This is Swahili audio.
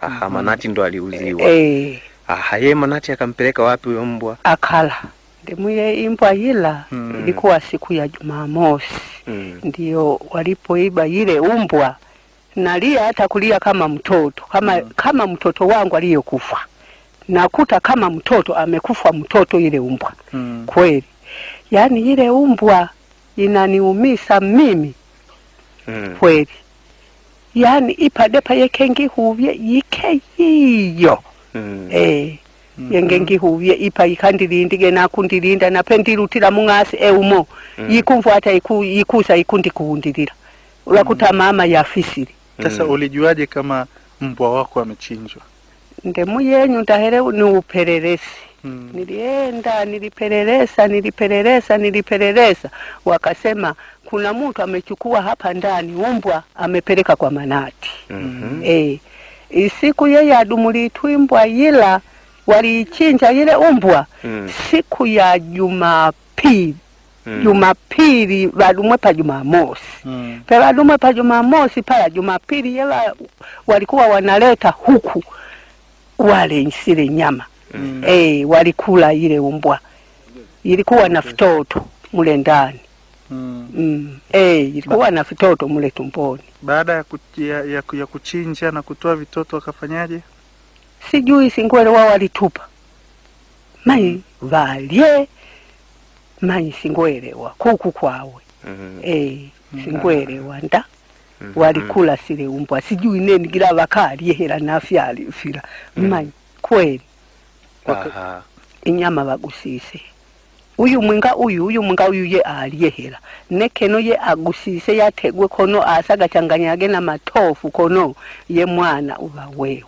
Aha, mhm. Manati ndo aliuziwa. Eh. Aha, yeye Manati akampeleka wapi huyo mbwa? Akala. Ndimuye imbwa ila hmm. ilikuwa siku ya Jumamosi. hmm. Ndio walipoiba ile umbwa. Nalia hata kulia kama mtoto, kama hmm. kama mtoto wangu aliyokufa. Nakuta kama mtoto amekufa mtoto ile umbwa. hmm. Kweli. Yaani ile umbwa inaniumisa mimi. Mm. Kweli yani ipadepa yeke ngihuvye yike yiyo mm. eh mm -hmm. E, hmm. yenge ngihuvye ipa ikandilindike nakundilinda naphe ndilutila mung'asi eumo mm. yikumfuata iku, ikusa ikundikuundilila ulakuta hmm. mm. mama yafisili sasa mm. ulijuaje kama mbwa wako amechinjwa ndemuyenyu ndahele ndahere ni upelelesi Hmm. Nilienda nilipeleleza, nilipeleleza, nilipeleleza, wakasema kuna mtu amechukua hapa ndani umbwa amepeleka kwa Manati. mm -hmm. E, isiku yeye adumulitwimbwa ila waliichinja ile umbwa mm. siku ya Jumapili mm. Jumapili vadumwe pa Jumamosi mm. pe pa Jumamosi pala Jumapili yela walikuwa wanaleta huku wale nsile nyama mm. Hey, eh, walikula ile umbwa ilikuwa na fitoto mule ndani mm. Mm. Hey, eh, ilikuwa ba na fitoto mule tumboni. Baada ya, ya, ya, ya kuchinja na kutoa vitoto wakafanyaje? Sijui singwele wao walitupa mai mm. valye mai singwelewa kuku kwawe mm. Mm-hmm. Hey, eh, singwelewa nda mm -hmm. walikula sile umbwa sijui neni gila hela nafyalifila mm. mai kweli inyama bagusise uyu mwinga uyu uyu mwinga uyu ye aliyehera ne keno ye agusise yategwe kono asagachanganyage na matofu kono ye mwana uba wewe